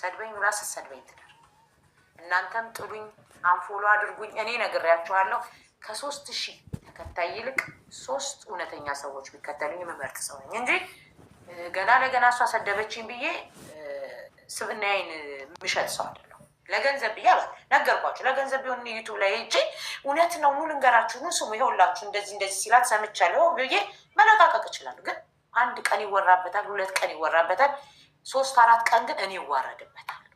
ሰድበኝ ብላ ስትሰድበኝ ትዳር እናንተም ጥሉኝ፣ አንፎሎ አድርጉኝ። እኔ ነግሬያችኋለሁ። ከሶስት ሺህ ተከታይ ይልቅ ሶስት እውነተኛ ሰዎች ቢከተሉኝ የምመርጥ ሰው ነኝ እንጂ ገና ለገና እሷ ሰደበችኝ ብዬ ስብናዬን የምሸጥ ሰው አይደለሁ። ለገንዘብ ብዬ አላት። ነገርኳቸው። ለገንዘብ ቢሆን ዩቱብ ላይ ሄጄ እውነት ነው ሙሉ ልንገራችሁ፣ ኑ ስሙ፣ ይኸውላችሁ እንደዚህ እንደዚህ ሲላት ሰምቻለሁ ብዬ መለቃቀቅ እችላለሁ። ግን አንድ ቀን ይወራበታል፣ ሁለት ቀን ይወራበታል። ሶስት አራት ቀን ግን እኔ እዋረድበታለሁ።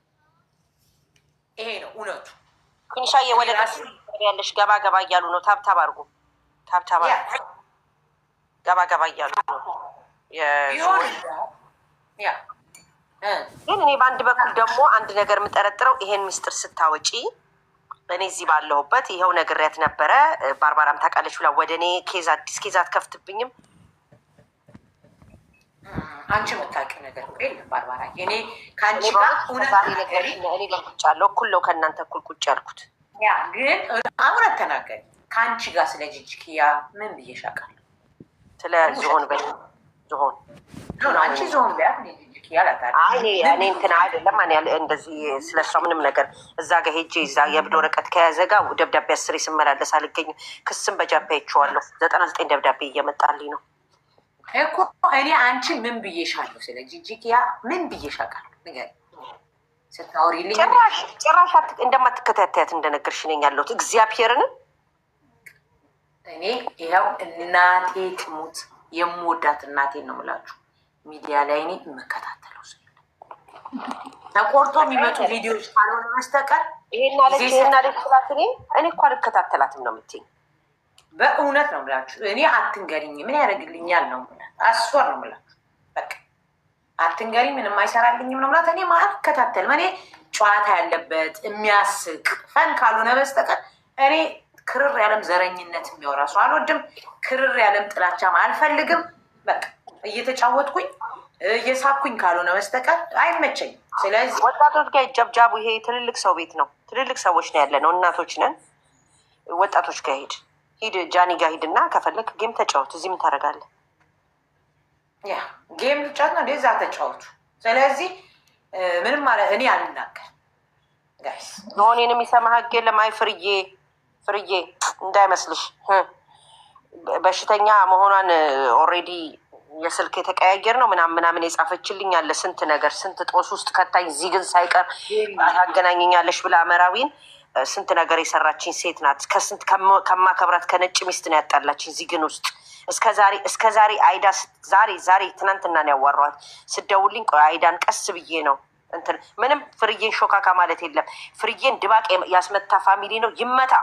ይሄ ነው እውነቱ። ሻዬ ወደ ያለሽ ገባ ገባ እያሉ ነው። ታብታብ አርጉ፣ ታብታብ ገባ ገባ እያሉ ነው። ግን እኔ በአንድ በኩል ደግሞ አንድ ነገር የምጠረጥረው ይሄን ሚስጥር ስታወጪ እኔ እዚህ ባለሁበት ይኸው ነግሬያት ነበረ። ባርባራም ታውቃለች ብላ ወደ እኔ ኬዝ አዲስ ኬዝ አትከፍትብኝም አንቺ የምታውቂው ነገር እኮ የለም ባርባራ። እኔ ከአንቺ ጋር እኔ ጋር ቁጭ እኩል ነው ከእናንተ እኩል ቁጭ ያልኩት። ያ ግን አሁን አተናገሪ ከአንቺ ጋር ስለ ጅጅክያ ምን ብዬሽ አውቃለሁ? ስለ ዝሆን በ ዝሆን አንቺ ዝሆን ቢያ እኔ እንትን አይደለም እንደዚህ ስለ እሷ ምንም ነገር እዛ ጋ ሄጄ እዛ የብድ ወረቀት ከያዘ ጋ ደብዳቤ አስሬ ስመላለስ አልገኝም። ክስም በጃፓ ይችዋለሁ። ዘጠና ዘጠኝ ደብዳቤ እየመጣልኝ ነው እኮ እኔ አንቺ ምን ብዬሻለሁ? ስለ ጂጂኪያ ምን ብዬሻቃል? ንገሪኝ። ስታወሪልኝ ጭራሽ ጭራሽ እንደማትከታተያት እንደነገርሽ ነኝ ያለሁት እግዚአብሔርን እኔ ይኸው እናቴ ትሙት የምወዳት ነው የምላችሁ። ሚዲያ ላይ እኔ የምከታተለው ተቆርጦ የሚመጡ ቪዲዮዎች ካልሆነ መስተቀር ይሄን ይሄን እኔ እኔ እኮ አልከታተላትም ነው የምትይኝ። በእውነት ነው የምላችሁ። እኔ አትንገሪኝ ምን ያደርግልኛል ነው አስወር ነው ምላት። በቃ አትንገሪ ምንም አይሰራልኝም ነው ምላት። እኔ ከታተል እኔ ጨዋታ ያለበት የሚያስቅ ፈን ካልሆነ በስተቀር እኔ ክርር ያለም ዘረኝነት የሚያወራ ሰው አልወድም። ክርር ያለም ጥላቻም አልፈልግም። በቃ እየተጫወትኩኝ እየሳኩኝ ካልሆነ በስተቀር አይመቸኝም። ስለዚህ ወጣቶች ጋር ይጀብጃቡ። ይሄ ትልልቅ ሰው ቤት ነው። ትልልቅ ሰዎች ነው ያለ ነው። እናቶች ነን። ወጣቶች ጋር ሂድ ሂድ፣ ጃኒ ጋር ሂድና ከፈለግ ጌም ተጫወት። እዚህ ምን ታደርጋለህ? ያ ጌም ልጫት ነው እንደዛ ተጫወቱ። ስለዚህ ምንም ማለት እኔ አልናገር ሆኔን የሚሰማ ህግ የለም። አይ ፍርዬ ፍርዬ እንዳይመስልሽ በሽተኛ መሆኗን ኦሬዲ የስልክ የተቀያየር ነው ምናምን ምናምን የጻፈችልኝ አለ። ስንት ነገር ስንት ጦስ ውስጥ ከታኝ እዚህ ግን ሳይቀር ታገናኘኛለሽ ብላ አመራዊን ስንት ነገር የሰራችኝ ሴት ናት። ከስንት ከማከብራት ከነጭ ሚስት ነው ያጣላችኝ ዚግን ውስጥ እስከ ዛሬ እስከ ዛሬ አይዳ ዛሬ ዛሬ ትናንትና ነው ያዋራኋት። ስደውልኝ ቆይ አይዳን ቀስ ብዬ ነው እንትን ምንም ፍርዬን ሾካካ ማለት የለም። ፍርዬን ድባቅ ያስመታ ፋሚሊ ነው ይመታ፣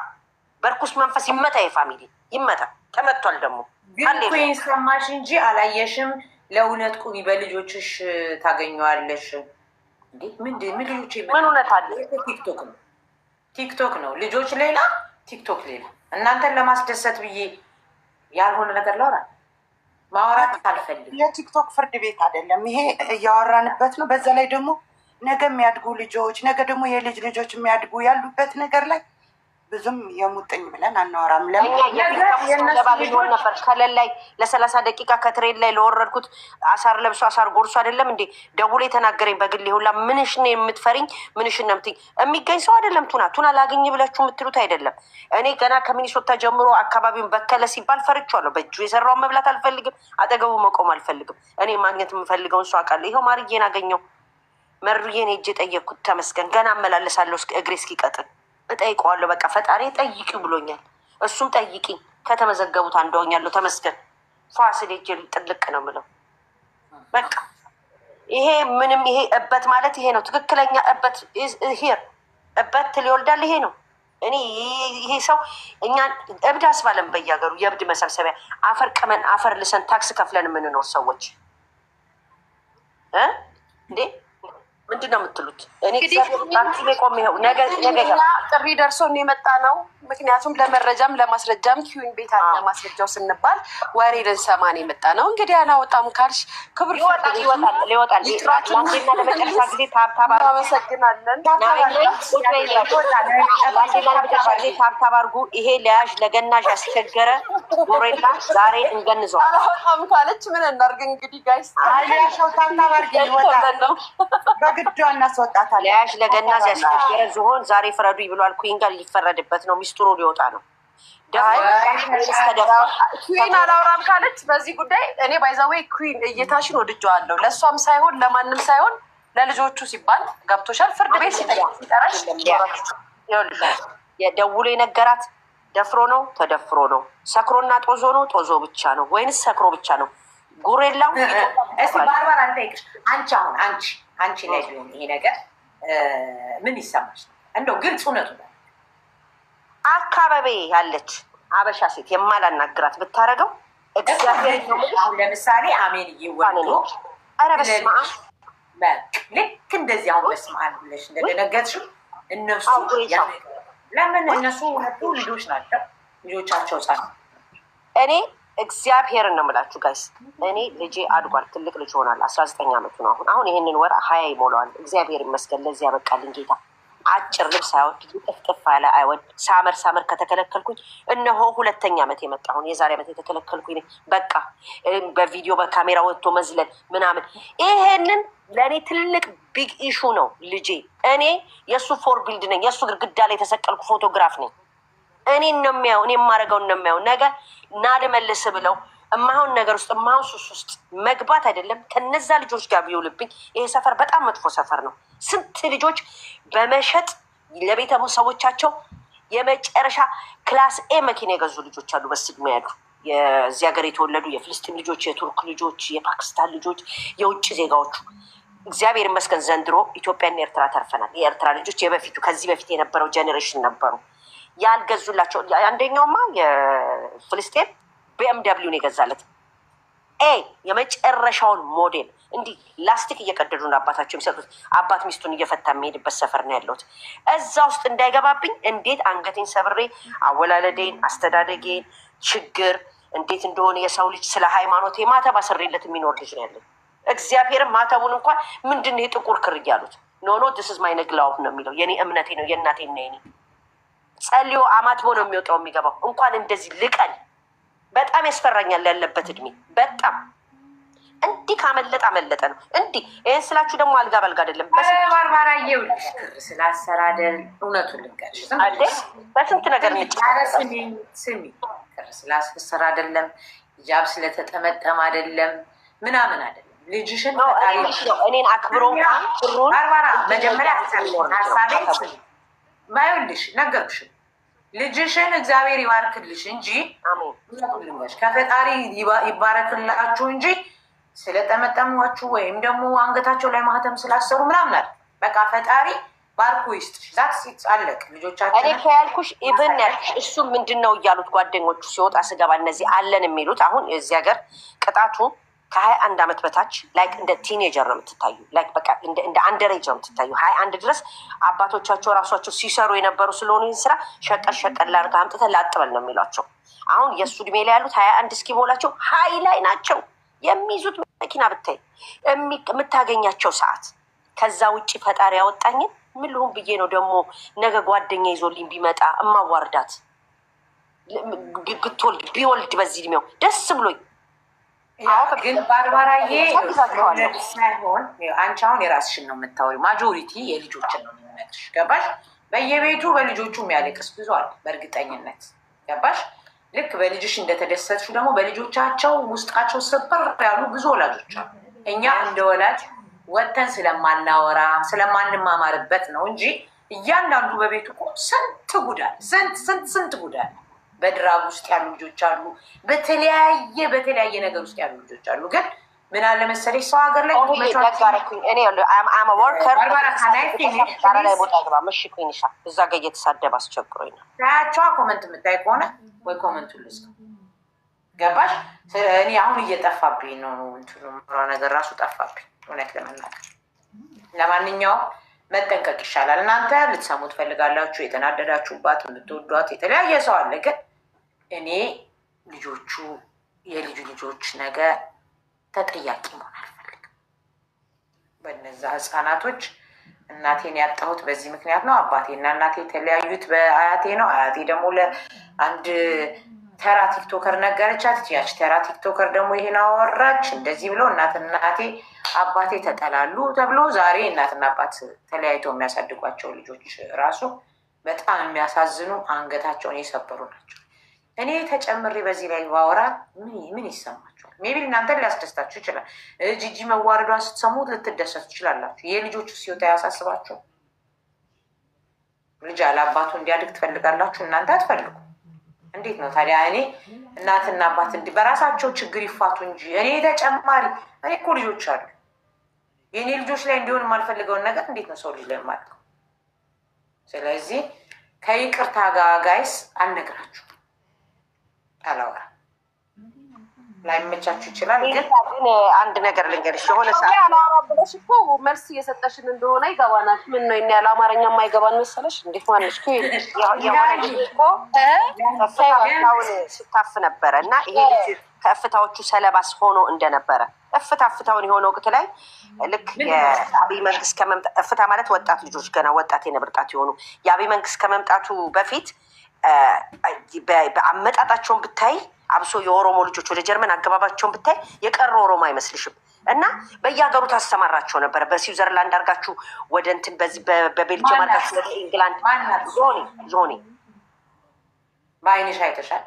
በርኩስ መንፈስ ይመታ፣ የፋሚሊ ይመታ። ተመቷል ደግሞ ግን እኮ የሰማሽ እንጂ አላየሽም። ለእውነት ቁሚ፣ በልጆችሽ ታገኘዋለሽ። ምን ልጆች ምን እውነት አለ ቲክቶክ ነው ቲክቶክ ነው። ልጆች ሌላ፣ ቲክቶክ ሌላ። እናንተን ለማስደሰት ብዬ ያልሆነ ነገር ላውራ ማውራት አልፈልግም። የቲክቶክ ፍርድ ቤት አይደለም ይሄ፣ እያወራንበት ነው። በዛ ላይ ደግሞ ነገ የሚያድጉ ልጆች ነገ ደግሞ የልጅ ልጆች የሚያድጉ ያሉበት ነገር ላይ ብዙም የሙጥኝ ብለን አናወራም። ለባቢሆን ነበር ከለል ላይ ለሰላሳ ደቂቃ ከትሬን ላይ ለወረድኩት አሳር ለብሶ አሳር ጎርሶ አይደለም እንዴ ደውሎ የተናገረኝ በግሌ ሁላ ምንሽ ነው የምትፈሪኝ? ምንሽ ነው የምትይኝ? የሚገኝ ሰው አይደለም። ቱና ቱና ላገኝ ብላችሁ የምትሉት አይደለም። እኔ ገና ከሚኒሶታ ጀምሮ አካባቢውን በከለ ሲባል ፈርቻለሁ። በእጁ የሰራውን መብላት አልፈልግም። አጠገቡ መቆም አልፈልግም። እኔ ማግኘት የምፈልገውን ሰው አውቃለሁ። ይኸው ማርዬን አገኘው መሩዬን ሄጄ ጠየቅኩት። ተመስገን ገና አመላለሳለሁ እግሬ እስኪቀጥል እጠይቀዋለሁ። በቃ ፈጣሪ ጠይቂ ብሎኛል። እሱም ጠይቂ ከተመዘገቡት አንዷ ሆኛለሁ። ተመስገን ፋሲል ጅል ጥልቅ ነው ምለው። በቃ ይሄ ምንም ይሄ እበት ማለት ይሄ ነው ትክክለኛ እበት ሄር እበት ሊወልዳል ይሄ ነው። እኔ ይሄ ሰው እኛን እብድ አስባለን። በየሀገሩ የእብድ መሰብሰቢያ አፈር ቅመን አፈር ልሰን ታክስ ከፍለን የምንኖር ሰዎች እንዴ ምንድን ነው የምትሉት? እኔ ቆም ይኸው ጥሪ ደርሶን የመጣ ነው። ምክንያቱም ለመረጃም ለማስረጃም ኪዩን ቤት አለ ማስረጃው ስንባል ወሬ ልንሰማን የመጣ ነው። እንግዲህ አላወጣም ካልሽ ክብር ይወጣል ይወጣል ለመጨረሻ ጊዜ ታብታብ አመሰግናለን። ታብታብ አድርጉ። ይሄ ለያዥ ለገናዥ ያስቸገረ ወሬላ ዛሬ እንገንዘዋል። አላወጣም ካለች ምን እናርግ እንግዲህ ጋይስ ታብታብ አድርጊ ይወጣል ነው በግዷ እናስወጣታለን። ለያዥ ለገና ያስቸገረ ዝሆን ዛሬ ፍረዱ ይብሏል። ኩዊን ጋር ሊፈረድበት ነው። ሚስጥሩ ሊወጣ ነው። ኩዊን አላውራም ካለች በዚህ ጉዳይ እኔ ባይዛዌ ኩን እይታሽን ወድጀዋለሁ። ለእሷም ሳይሆን ለማንም ሳይሆን ለልጆቹ ሲባል ገብቶሻል። ፍርድ ቤት ሲጠራሽ ደውሎ የነገራት ደፍሮ ነው ተደፍሮ ነው፣ ሰክሮና ጦዞ ነው ጦዞ ብቻ ነው ወይንስ ሰክሮ ብቻ ነው? ጉሬላው እስቲ ባርባር አንተ አንቺ አሁን አንቺ አንቺ ላይ ቢሆን ይሄ ነገር ምን ይሰማሽ? እንደው ግልጽ እውነቱ አካባቢ ያለች አበሻ ሴት የማላናግራት ብታደረገው እግዚአብሔር ለምሳሌ አሜን እየወዶ ኧረ በስመ አብ ልክ እንደዚህ አሁን በስመ አብ ብለሽ እንደደነገጥሽው እነሱ ለምን እነሱ ሁለቱ ልጆች ናቸው ልጆቻቸው ጻ እኔ እግዚአብሔርን ነው የምላችሁ ጋይስ። እኔ ልጄ አድጓል፣ ትልቅ ልጅ ሆናል። አስራ ዘጠኝ ዓመቱ ነው አሁን አሁን ይህንን ወር ሀያ ይሞላዋል። እግዚአብሔር ይመስገን ለዚህ ያበቃልኝ ጌታ። አጭር ልብስ አይወድ፣ ጥፍጥፍ ያለ አይወድ። ሳመር ሳመር ከተከለከልኩኝ እነሆ ሁለተኛ ዓመት የመጣ አሁን የዛሬ ዓመት የተከለከልኩኝ በቃ በቪዲዮ በካሜራ ወጥቶ መዝለል ምናምን፣ ይሄንን ለእኔ ትልቅ ቢግ ኢሹ ነው ልጄ። እኔ የእሱ ፎር ቢልድ ነኝ፣ የእሱ ግድግዳ ላይ የተሰቀልኩ ፎቶግራፍ ነኝ። እኔን ነው የሚያየው፣ እኔ የማደርገውን ነው የሚያየው። ነገ ናድ መልስ ብለው እማሁን ነገር ውስጥ እማሁን ሱስ ውስጥ መግባት አይደለም ከነዛ ልጆች ጋር ቢውልብኝ። ይሄ ሰፈር በጣም መጥፎ ሰፈር ነው። ስንት ልጆች በመሸጥ ለቤተሙ ሰዎቻቸው የመጨረሻ ክላስ ኤ መኪና የገዙ ልጆች አሉ። በስድሜ ያሉ የዚህ ሀገር የተወለዱ የፍልስጢን ልጆች፣ የቱርክ ልጆች፣ የፓኪስታን ልጆች፣ የውጭ ዜጋዎቹ። እግዚአብሔር ይመስገን ዘንድሮ ኢትዮጵያና ኤርትራ ተርፈናል። የኤርትራ ልጆች የበፊቱ ከዚህ በፊት የነበረው ጀኔሬሽን ነበሩ። ያልገዙላቸው አንደኛውማ የፍልስጤን ቢኤምደብሊውን የገዛለት ኤ የመጨረሻውን ሞዴል እንዲህ ላስቲክ እየቀደዱ ነው አባታቸው የሚሰጡት። አባት ሚስቱን እየፈታ የሚሄድበት ሰፈር ነው ያለሁት። እዛ ውስጥ እንዳይገባብኝ እንዴት አንገቴን ሰብሬ አወላለዴን፣ አስተዳደጌን ችግር እንዴት እንደሆነ የሰው ልጅ ስለ ሃይማኖቴ ማተብ አስሬለት የሚኖር ልጅ ነው ያለኝ። እግዚአብሔርን ማተቡን እንኳን ምንድን ነው የጥቁር ክር እያሉት ኖ ኖ ነው የሚለው የኔ እምነቴ ነው ና የኔ ጸልዮ አማትቦ ነው የሚወጣው የሚገባው። እንኳን እንደዚህ ልቀን በጣም ያስፈራኛል። ያለበት እድሜ በጣም እንዲህ ካመለጠ አመለጠ ነው። እንዲህ ይህን ስላችሁ ደግሞ አልጋ በልጋ አይደለም። ባርባራ የውልሽ እውነቱ አሰዳደር ልንገርሽ በስንት ነገር ስሚ ስለ አሰዳደር አይደለም ሂጃብ ስለተጠመጠም አይደለም ምናምን አይደለም። ልጅሽን እኔን አክብሮ ባርባራ መጀመሪያ ሳቤ ባይልሽ ነገርሽ ልጅሽን እግዚአብሔር ይባርክልሽ እንጂ ከፈጣሪ ይባረክላችሁ እንጂ ስለጠመጠሟችሁ ወይም ደግሞ አንገታቸው ላይ ማህተም ስላሰሩ ምናምን አለ። በቃ ፈጣሪ ባርኩ ይስጥሽ። ዛት ሲጻለቅ ልጆቻቸው እኔ ከያልኩሽ ኢብን ያልኩሽ እሱ ምንድን ነው እያሉት ጓደኞቹ ሲወጣ ስገባ እነዚህ አለን የሚሉት አሁን የዚህ ሀገር ቅጣቱ ከሀያ አንድ ዓመት በታች ላይክ እንደ ቲኔጀር ነው የምትታዩ። ላይክ በቃ እንደ አንደሬጅ ነው የምትታዩ። ሀያ አንድ ድረስ አባቶቻቸው ራሷቸው ሲሰሩ የነበሩ ስለሆኑ ይህን ስራ ሸቀል ሸቀል ላርገ አምጥተ ላጥበል ነው የሚሏቸው። አሁን የእሱ እድሜ ላይ ያሉት ሀያ አንድ እስኪሞላቸው ሀይ ላይ ናቸው። የሚይዙት መኪና ብታይ የምታገኛቸው ሰዓት ከዛ ውጭ ፈጣሪ ያወጣኝን ምን ልሁን ብዬ ነው ደግሞ ነገ ጓደኛ ይዞልኝ ቢመጣ እማዋርዳት ግትወልድ ቢወልድ በዚህ እድሜው ደስ ብሎኝ ግን ባርባራዬ ሳይሆን አንቺ አሁን የራስሽን ነው የምታወሪው። ማጆሪቲ የልጆችን ነው የምነግርሽ። ገባሽ? በየቤቱ በልጆቹ የሚያለቅስ ብዙ አለ በእርግጠኝነት ገባሽ? ልክ በልጅሽ እንደተደሰትሽው ደግሞ በልጆቻቸው ውስጣቸው ስብር ያሉ ብዙ ወላጆች አሉ። እኛ እንደ ወላጅ ወጥተን ስለማናወራ ስለማንማማርበት ነው እንጂ እያንዳንዱ በቤቱ እኮ ስንት ጉዳል ስንት ስንት ስንት ጉዳል በድራግ ውስጥ ያሉ ልጆች አሉ፣ በተለያየ በተለያየ ነገር ውስጥ ያሉ ልጆች አሉ። ግን ምን አለ መሰለሽ ሰው ሀገር ላይ እዛ ጋ እየተሳደብ አስቸግሮኝ ነው ታያቸዋ። ኮመንት የምታይ ከሆነ ወይ ኮመንቱ ልስ ገባሽ? እኔ አሁን እየጠፋብኝ ነው እንትኑ ነገር ራሱ ጠፋብኝ፣ እውነት ለመናገር ለማንኛውም መጠንቀቅ ይሻላል። እናንተ ልትሰሙ ትፈልጋላችሁ፣ የተናደዳችሁባት የምትወዷት የተለያየ ሰው አለ ግን እኔ፣ ልጆቹ፣ የልጁ ልጆች ነገ ተጠያቂ መሆን አልፈልግም። በነዛ ህፃናቶች እናቴን ያጣሁት በዚህ ምክንያት ነው። አባቴና እናቴ የተለያዩት በአያቴ ነው። አያቴ ደግሞ ለአንድ ተራ ቲክቶከር ነገረቻት። ያች ተራ ቲክቶከር ደግሞ ይሄን አወራች። እንደዚህ ብለው እናትናቴ አባቴ ተጠላሉ ተብሎ ዛሬ እናትና አባት ተለያይተው የሚያሳድጓቸው ልጆች ራሱ በጣም የሚያሳዝኑ አንገታቸውን የሰበሩ ናቸው። እኔ ተጨምሬ በዚህ ላይ ባወራ ምን ይሰማችኋል? ሜይ ቢ እናንተን ሊያስደስታችሁ ይችላል። ጂጂ መዋረዷን ስትሰሙ ልትደሰቱ ትችላላችሁ። የልጆቹ ሲወጣ ያሳስባችሁ። ልጅ አለአባቱ እንዲያድግ ትፈልጋላችሁ፣ እናንተ አትፈልጉ። እንዴት ነው ታዲያ? እኔ እናትና አባት እንዲህ በራሳቸው ችግር ይፋቱ እንጂ እኔ ተጨማሪ እኔ እኮ ልጆች አሉ። የእኔ ልጆች ላይ እንዲሆን የማልፈልገውን ነገር እንዴት ነው ሰው ልጅ ላይ የማልቀው? ስለዚህ ከይቅርታ ጋር ጋይስ አልነግራችሁ አላወራም። ላይመቻችሁ ይችላል፣ ግን አንድ ነገር ልንገርሽ። የሆነ ሰዓት ብለሽ እኮ መልስ እየሰጠሽን እንደሆነ ይገባናል። ምን ነው ያለ አማርኛ የማይገባን መሰለሽ? እንዴት ማነች እኮ ስታፍ ነበረ እና ይሄ ልጅ ከእፍታዎቹ ሰለባስ ሆኖ እንደነበረ እፍታ እፍታውን የሆነ ወቅት ላይ ልክ የአብይ መንግስት ከመምጣት እፍታ ማለት ወጣት ልጆች ገና ወጣት የነብርጣት የሆኑ የአብይ መንግስት ከመምጣቱ በፊት በአመጣጣቸውን ብታይ አብሶ የኦሮሞ ልጆች ወደ ጀርመን አገባባቸውን ብታይ የቀረ ኦሮሞ አይመስልሽም። እና በየሀገሩ ታሰማራቸው ነበረ። በስዊዘርላንድ አርጋችሁ ወደ እንትን በዚህ በቤልጅየም አርጋችሁ ወደ ኢንግላንድ ዞኔ ዞኔ በአይንሽ አይተሻል።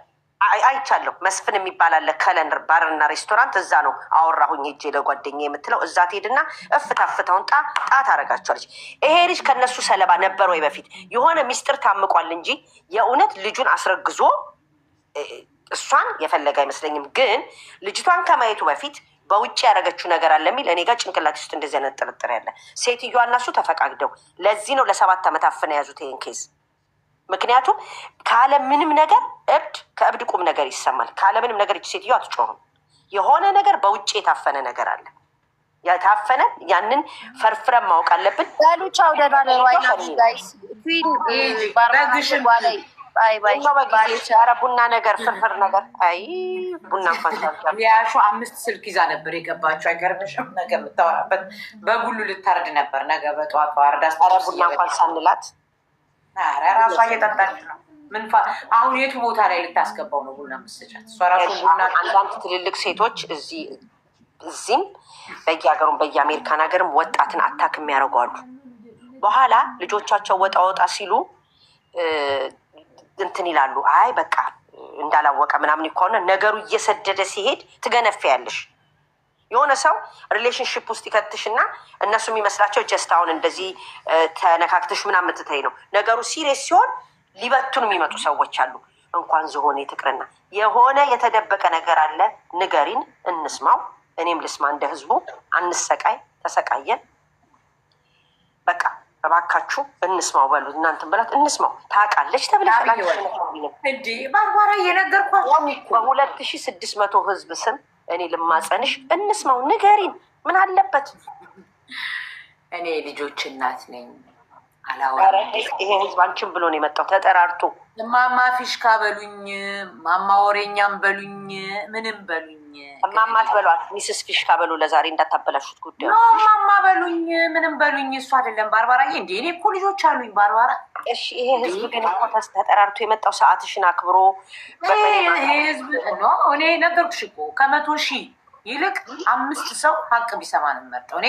አይቻለሁ። መስፍን የሚባል አለ ከለንር ባርና ሬስቶራንት እዛ ነው አወራሁኝ ሄጄ ለጓደኛ የምትለው እዛ ትሄድና እፍታ ፍታውን ጣ ጣ ታደርጋቸዋለች። ይሄ ልጅ ከነሱ ሰለባ ነበር ወይ በፊት የሆነ ሚስጥር ታምቋል እንጂ የእውነት ልጁን አስረግዞ እሷን የፈለገ አይመስለኝም። ግን ልጅቷን ከማየቱ በፊት በውጭ ያደረገችው ነገር አለ የሚል እኔ ጋር ጭንቅላት ውስጥ እንደዚህ አይነት ጥርጥር ያለ ሴትዮዋ እና እሱ ተፈቃግደው ለዚህ ነው ለሰባት ዓመት አፍነው የያዙት ይህን ኬዝ ምክንያቱም ካለ ምንም ነገር እብድ ከእብድ ቁም ነገር ይሰማል። ካለ ምንም ነገር እች ሴትዮ አትጮህም። የሆነ ነገር በውጭ የታፈነ ነገር አለ። የታፈነ ያንን ፈርፍረን ማወቅ አለብን። ሉቻ ወደና ቡና ነገር ፍርፍር ነገር አይ ቡና እንኳን ያሹ አምስት ስልክ ይዛ ነበር የገባቸው። አይገርምሽም? ነገ የምታወራበት በጉሉ ልታርድ ነበር። ነገ በጠዋት በአርዳስ ቡና እንኳን ሳንላት ኧረ ራሷ እየጠጣች ነው። ምን አሁን የቱ ቦታ ላይ ልታስገባው ነው? ቡና መስጫት እሷ ራሱ ቡና አንዳንድ ትልልቅ ሴቶች እዚህ እዚህም በየሀገሩም በየአሜሪካን ሀገርም ወጣትን አታክም የሚያደርጉ በኋላ ልጆቻቸው ወጣ ወጣ ሲሉ እንትን ይላሉ። አይ በቃ እንዳላወቀ ምናምን ከሆነ ነገሩ እየሰደደ ሲሄድ ትገነፊያለሽ። የሆነ ሰው ሪሌሽንሽፕ ውስጥ ይከትሽና እነሱ የሚመስላቸው ጀስት አሁን እንደዚህ ተነካክተሽ ምናምን የምትተይ ነው። ነገሩ ሲሪየስ ሲሆን ሊበቱን የሚመጡ ሰዎች አሉ። እንኳን ዝሆን ትቅርና የሆነ የተደበቀ ነገር አለ፣ ንገሪን፣ እንስማው፣ እኔም ልስማ። እንደ ህዝቡ አንሰቃይ፣ ተሰቃየን። በቃ እባካችሁ እንስማው በሉ። እናንተም በላት እንስማው። ታውቃለች ተብለሽ ባርባራ የነገርኳቸው በሁለት ስድስት መቶ ህዝብ ስም እኔ ልማጸንሽ፣ እንስማው፣ ንገሪን። ምን አለበት? እኔ ልጆች እናት ነኝ። ይሄ ህዝብ አንቺን ብሎ ነው የመጣው ተጠራርቶ። ማማ ፊሽካ በሉኝ፣ ማማ ወሬኛም በሉኝ፣ ምንም በሉኝ እማማ በሏት ሚስስ ፊሽካ በሉ። ለዛሬ እንዳታበላሹት ጉዳዩ ነው። እማማ በሉኝ፣ ምንም በሉኝ። እሱ አይደለም ባርባራዬ፣ እንደ እኔ እኮ ልጆች አሉኝ ባርባራ። እሺ፣ ይሄ ህዝብ ግን እኮ ተጠራርቶ የመጣው ሰዓትሽን አክብሮ ህዝብ ኖ እኔ ነገርኩሽ እኮ ከመቶ ሺህ ይልቅ አምስት ሰው ሀቅ ቢሰማ ነው የምመርጠው እኔ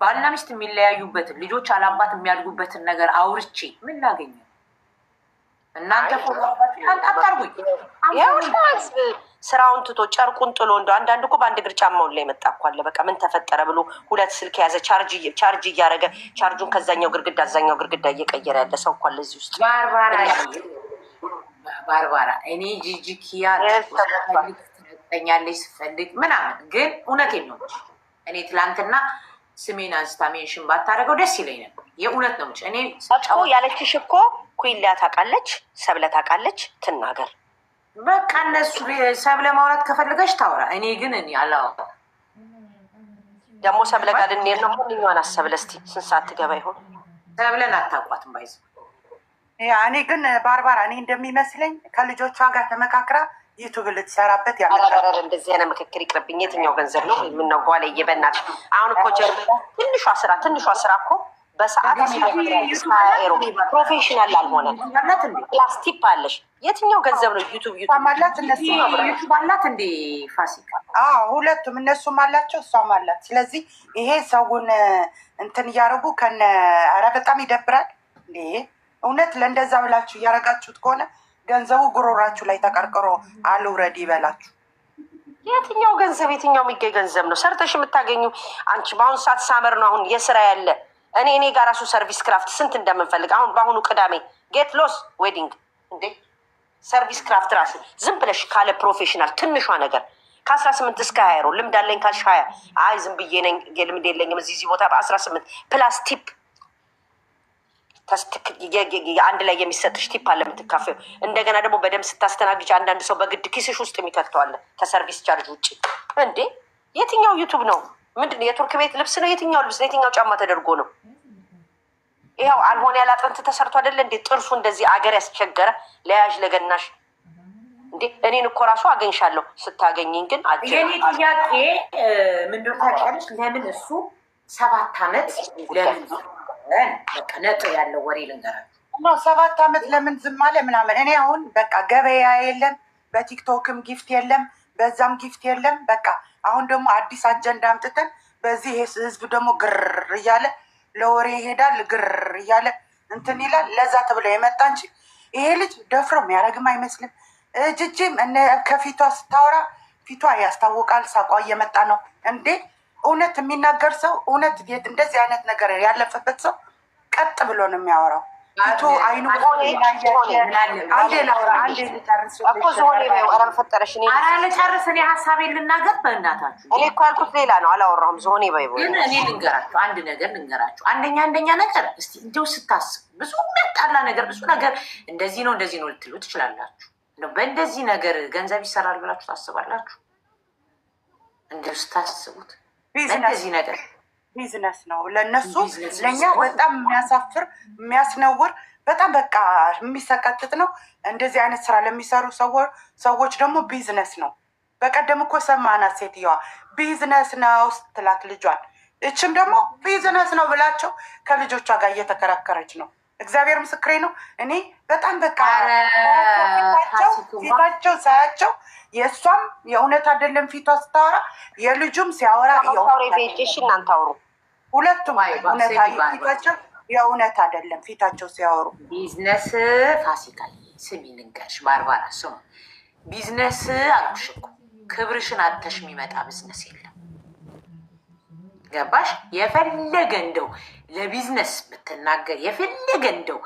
ባልና ሚስት የሚለያዩበትን ልጆች አላባት የሚያድጉበትን ነገር አውርቼ ምን ላገኘ እናንተ ፎ አታርጉኝ ስራውን ትቶ ጨርቁን ጥሎ እንደ አንዳንድ እኮ በአንድ እግር ጫማውን ላይ መጣ እኮ አለ። በቃ ምን ተፈጠረ ብሎ ሁለት ስልክ የያዘ ቻርጅ እያደረገ ቻርጁን ከዛኛው ግርግዳ አዛኛው ግርግዳ እየቀየረ ያለ ሰው እኮ አለ እዚህ ውስጥ። ባርባራ እኔ ጂጂኪያ ትጠኛለች ስፈልግ ምናምን፣ ግን እውነቴን ነው። እኔ ትላንትና ስሜን አንስታ ሜንሽን ባታደረገው ደስ ይለኝ ነበር። የእውነት ነው። እኔ ያለችሽ እኮ ኩላ ታውቃለች፣ ሰብለ ታውቃለች፣ ትናገር በቃ እነሱ ሰብለ ማውራት ከፈለገች ታውራ። እኔ ግን እኔ አላወራም። ደግሞ ሰብለ ጋር ልንሄድ ነው። ሁንኛዋን አሰብለ እስኪ ስንት ሰዓት ትገባ ይሆን? ሰብለን አታውቋትም። ባይዘ እኔ ግን ባርባራ፣ እኔ እንደሚመስለኝ ከልጆቿ ጋር ተመካክራ ዩቱብ ልትሰራበት ያረረር። እንደዚህ አይነት ምክክር ይቅርብኝ። የትኛው ገንዘብ ነው የምናጓለ? በእናትሽ አሁን እኮ ጀርመን ትንሿ ስራ ትንሿ ስራ እኮ በሰዓት ሚሮ ፕሮፌሽናል አልሆነ ላስቲፕ አለሽ። የትኛው ገንዘብ ነው? ዩቱብ ዩቱብ አላት እንዴ ፋሲካ? ሁለቱም እነሱም አላቸው እሷም አላት። ስለዚህ ይሄ ሰውን እንትን እያደረጉ ከነ ኧረ በጣም ይደብራል። እንዴ እውነት ለእንደዛ ብላችሁ እያደረጋችሁት ከሆነ ገንዘቡ ጉሮራችሁ ላይ ተቀርቅሮ አልውረድ ይበላችሁ። የትኛው ገንዘብ የትኛው የሚገኝ ገንዘብ ነው? ሰርተሽ የምታገኙ አንቺ በአሁኑ ሰዓት ሳመር ነው አሁን የስራ ያለ እኔ እኔ ጋር ራሱ ሰርቪስ ክራፍት ስንት እንደምንፈልግ አሁን በአሁኑ ቅዳሜ ጌት ሎስ ዌዲንግ እንዴ ሰርቪስ ክራፍት ራስ ዝም ብለሽ ካለ ፕሮፌሽናል ትንሿ ነገር ከአስራ ስምንት እስከ ሀያ ሮ ልምድ አለኝ ካልሽ ሀያ አይ ዝም ብዬ ነኝ ልምድ የለኝም እዚህ እዚህ ቦታ በአስራ ስምንት ፕላስ ቲፕ አንድ ላይ የሚሰጥሽ ቲፕ አለ የምትካፈው። እንደገና ደግሞ በደንብ ስታስተናግጅ አንዳንድ ሰው በግድ ኪስሽ ውስጥ የሚከተዋለ ከሰርቪስ ቻርጅ ውጭ። እንዴ የትኛው ዩቱብ ነው? ምንድን የቱርክ ቤት ልብስ ነው? የትኛው ልብስ ነው? የትኛው ጫማ ተደርጎ ነው? ይኸው አልሆነ ያለ አጥንት ተሰርቶ አይደለ እንዴ? ጥርሱ እንደዚህ አገር ያስቸገረ ለያዥ ለገናሽ እንዴ! እኔን እኮ ራሱ አገኝሻለሁ። ስታገኝኝ ግን የኔ ጥያቄ ምንድን ታውቂያለሽ? ለምን እሱ ሰባት አመት ለምን ነጥ ያለው ወሬ ልንገራችሁ ሰባት አመት ለምን ዝም አለ ምናምን። እኔ አሁን በቃ ገበያ የለም፣ በቲክቶክም ጊፍት የለም፣ በዛም ጊፍት የለም። በቃ አሁን ደግሞ አዲስ አጀንዳ አምጥተን በዚህ ህዝብ ደግሞ ግር እያለ ለወሬ ይሄዳል፣ ግር እያለ እንትን ይላል። ለዛ ተብሎ የመጣ እንጂ ይሄ ልጅ ደፍሮ የሚያደርግም አይመስልም። ጅጅም ከፊቷ ስታወራ ፊቷ ያስታውቃል። ሳቋ እየመጣ ነው እንዴ! እውነት የሚናገር ሰው እውነት እንደዚህ አይነት ነገር ያለፈበት ሰው ቀጥ ብሎ ነው የሚያወራው። አቶ አይኑ ልጨርስ እኔ ሀሳቤን ልናገር። በእናታችሁ እኔ እኮ ያልኩት ሌላ ነው፣ አላወራሁም። ዝሆን ይበይው ግን እኔ ልንገራችሁ፣ አንድ ነገር ልንገራችሁ። አንደኛ አንደኛ ነገር እስቲ እንደው ስታስብ ብዙ የሚያጣላ ነገር ብዙ ነገር እንደዚህ ነው እንደዚህ ነው ልትሉ ትችላላችሁ። እንደው በእንደዚህ ነገር ገንዘብ ይሰራል ብላችሁ ታስባላችሁ? እንደው ስታስቡት በእንደዚህ ነገር ቢዝነስ ነው ለእነሱ። ለእኛ በጣም የሚያሳፍር የሚያስነውር በጣም በቃ የሚሰቀጥጥ ነው። እንደዚህ አይነት ስራ ለሚሰሩ ሰዎች ደግሞ ቢዝነስ ነው። በቀደም እኮ ሰማናት ሴትየዋ ቢዝነስ ነው ስትላት ልጇን፣ እችም ደግሞ ቢዝነስ ነው ብላቸው ከልጆቿ ጋር እየተከራከረች ነው። እግዚአብሔር ምስክሬ ነው። እኔ በጣም በቃ ፊታቸው ሳያቸው የእሷም የእውነት አይደለም ፊቷ ስታወራ የልጁም ሲያወራ እናንተ አውሩ ሁለቱም ፊታቸው የእውነት አይደለም። ፊታቸው ሲያወሩ ቢዝነስ ፋሲካ ስሚ ልንገርሽ፣ ባርባራ ስሙ ቢዝነስ አልኩሽ እኮ ክብርሽን አተሽ የሚመጣ ቢዝነስ የለም። ገባሽ? የፈለገ እንደው ለቢዝነስ ብትናገር የፈለገ እንደው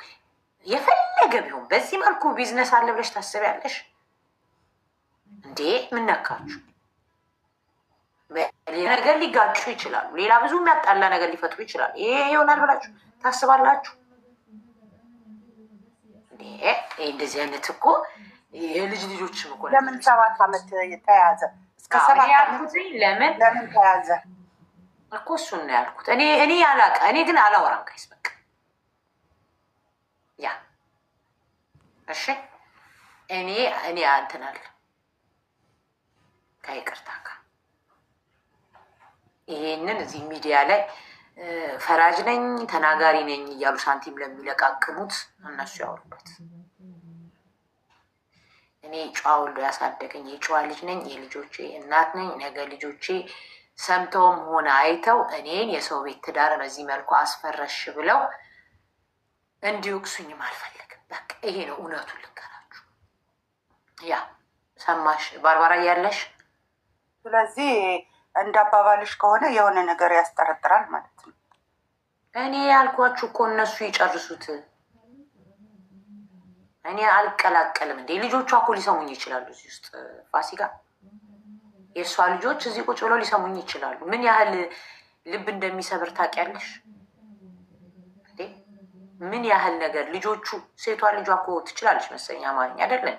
የፈለገ ቢሆን በዚህ መልኩ ቢዝነስ አለ ብለሽ ታስቢያለሽ እንዴ? ምን ነካችሁ? ነገር ሊጋጩ ይችላሉ። ሌላ ብዙ የሚያጣላ ነገር ሊፈጥሩ ይችላሉ። ይሄ ይሆናል ብላችሁ ታስባላችሁ? እንደዚህ አይነት እኮ ይሄ ልጅ ልጆች እኮ ለምን ሰባት ዓመት ተያዘ? እስከ ሰባት ዓመት ለምን ለምን ተያዘ እኮ እሱን ነው ያልኩት። እኔ እኔ ያላቀ እኔ ግን አላወራም። ጋይስ በቃ ያ እሺ። እኔ እኔ አንትናል ከይቅርታ ጋር ይሄንን እዚህ ሚዲያ ላይ ፈራጅ ነኝ ተናጋሪ ነኝ እያሉ ሳንቲም ለሚለቃቅሙት እነሱ ያወሩበት። እኔ ጨዋ ወልዶ ያሳደገኝ የጨዋ ልጅ ነኝ፣ የልጆቼ እናት ነኝ። ነገ ልጆቼ ሰምተውም ሆነ አይተው እኔን የሰው ቤት ትዳር በዚህ መልኩ አስፈረሽ ብለው እንዲወቅሱኝም አልፈለግም። በቃ ይሄ ነው እውነቱን ልንገራችሁ። ያ ሰማሽ ባርባራ እያለሽ ስለዚህ እንደ አባባልሽ ከሆነ የሆነ ነገር ያስጠረጥራል ማለት ነው። እኔ ያልኳችሁ እኮ እነሱ ይጨርሱት። እኔ አልቀላቀልም እንዴ። ልጆቿ እኮ ሊሰሙኝ ይችላሉ። እዚህ ውስጥ ፋሲካ የእሷ ልጆች እዚህ ቁጭ ብለው ሊሰሙኝ ይችላሉ። ምን ያህል ልብ እንደሚሰብር ታውቂያለሽ? ምን ያህል ነገር ልጆቹ ሴቷ ልጇ እኮ ትችላለች መሰለኝ አማርኛ አይደለን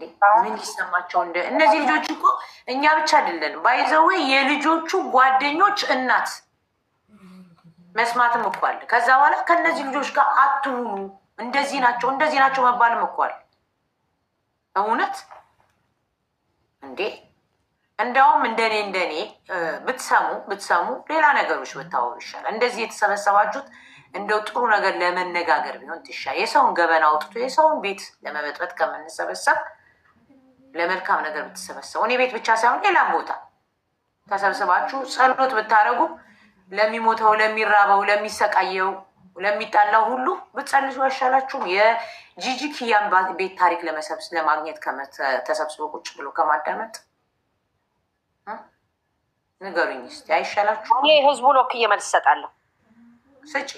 ምን ሊሰማቸው እንደ እነዚህ ልጆች እኮ እኛ ብቻ አይደለን ባይዘወ የልጆቹ ጓደኞች እናት መስማትም እኮ አለ። ከዛ በኋላ ከእነዚህ ልጆች ጋር አትሁኑ፣ እንደዚህ ናቸው እንደዚህ ናቸው መባልም እኮ አለ። እውነት እንዴ! እንደውም እንደኔ እንደኔ ብትሰሙ ብትሰሙ ሌላ ነገሮች ብታወሩ ይሻላል። እንደዚህ የተሰበሰባችሁት እንደው ጥሩ ነገር ለመነጋገር ቢሆን ትሻ የሰውን ገበና አውጥቶ የሰውን ቤት ለመበጥበጥ ከምንሰበሰብ ለመልካም ነገር ብትሰበሰቡ እኔ ቤት ብቻ ሳይሆን ሌላም ቦታ ተሰብስባችሁ ጸሎት ብታደረጉ ለሚሞተው፣ ለሚራበው፣ ለሚሰቃየው፣ ለሚጣላው ሁሉ ብትጸልሱ አይሻላችሁም? የጂጂ ኪያን ቤት ታሪክ ለማግኘት ተሰብስቦ ቁጭ ብሎ ከማዳመጥ ንገሩኝ እስኪ አይሻላችሁም? ህዝቡ ሎክ እየመልስ ሰጣለሁ ስጪ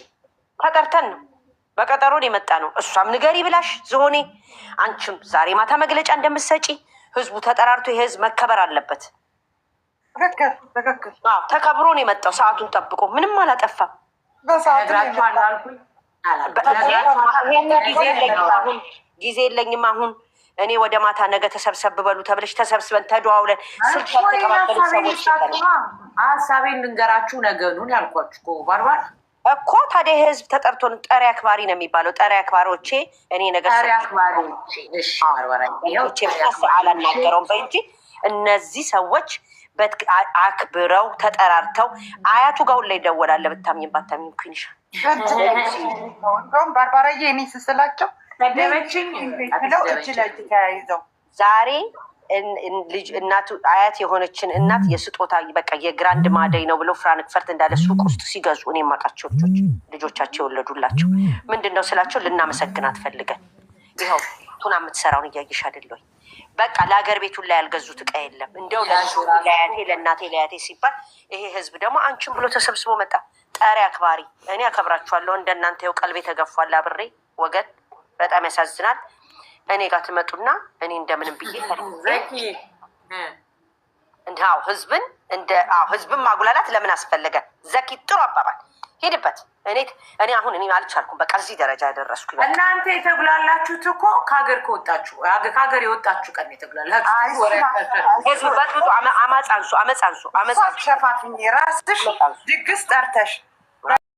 ተጠርተን ነው በቀጠሮን የመጣ ነው። እሷም ንገሪ ብላሽ ዝሆኔ፣ አንቺም ዛሬ ማታ መግለጫ እንደምትሰጪ ህዝቡ ተጠራርቶ የህዝብ መከበር አለበት። ተከብሮ ነው የመጣው ሰዓቱን ጠብቆ ምንም አላጠፋም። ጊዜ የለኝም አሁን እኔ ወደ ማታ ነገ ተሰብሰብ በሉ ተብለሽ ተሰብስበን ተደዋውለን ስልክ ያልተቀባበሉ ሰዎች ሀሳቤን ልንገራችሁ ነገኑን ያልኳችሁ ባርባር እኮ ታዲያ ህዝብ ተጠርቶን ጠሪ አክባሪ ነው የሚባለው። ጠሪ አክባሮቼ እኔ ነገር አላናገረውም በይ እንጂ እነዚህ ሰዎች አክብረው ተጠራርተው አያቱ ጋር ሁላ ይደወላለ። ብታምኝም ባታምኝም ኩንሻ እንደውም ባርባራዬ እኔ ስስላቸው ደበችኝ ብለው እጅ ለእጅ ተያይዘው ዛሬ እናቱ አያት የሆነችን እናት የስጦታ በቃ የግራንድ ማደይ ነው ብለው ፍራንክፈርት እንዳለ ሱቅ ውስጥ ሲገዙ እኔ የማውቃቸው ልጆች ልጆቻቸው የወለዱላቸው ምንድን ነው ስላቸው ልናመሰግን አትፈልገን ይኸው ቱና የምትሰራውን እያየሽ አይደለ ወይ? በቃ ለሀገር ቤቱን ላይ ያልገዙት እቃ የለም። እንደው ለአያቴ ለእናቴ ለአያቴ ሲባል ይሄ ህዝብ ደግሞ አንቺን ብሎ ተሰብስቦ መጣ። ጠሪ አክባሪ እኔ አከብራችኋለሁ። እንደናንተ ይኸው ቀልቤ ተገፏል። አብሬ ወገን በጣም ያሳዝናል። እኔ ጋር ትመጡና እኔ እንደምንም ብዬ እንዲው ህዝብን እንደ ህዝብን ማጉላላት ለምን አስፈለገ? ዘኪ ጥሩ አባባል ሄድበት። እኔ እኔ አሁን እኔ አልቻልኩም። በቃ እዚህ ደረጃ ያደረስኩ። እናንተ የተጉላላችሁት እኮ ከሀገር ከወጣችሁ ከሀገር የወጣችሁ ቀን የተጉላላችሁ ህዝብ በጥብጡ አመፃንሱ አመፃንሱ አመፃንሱ ሸፋፍኝ ራስሽ ድግስ ጠርተሽ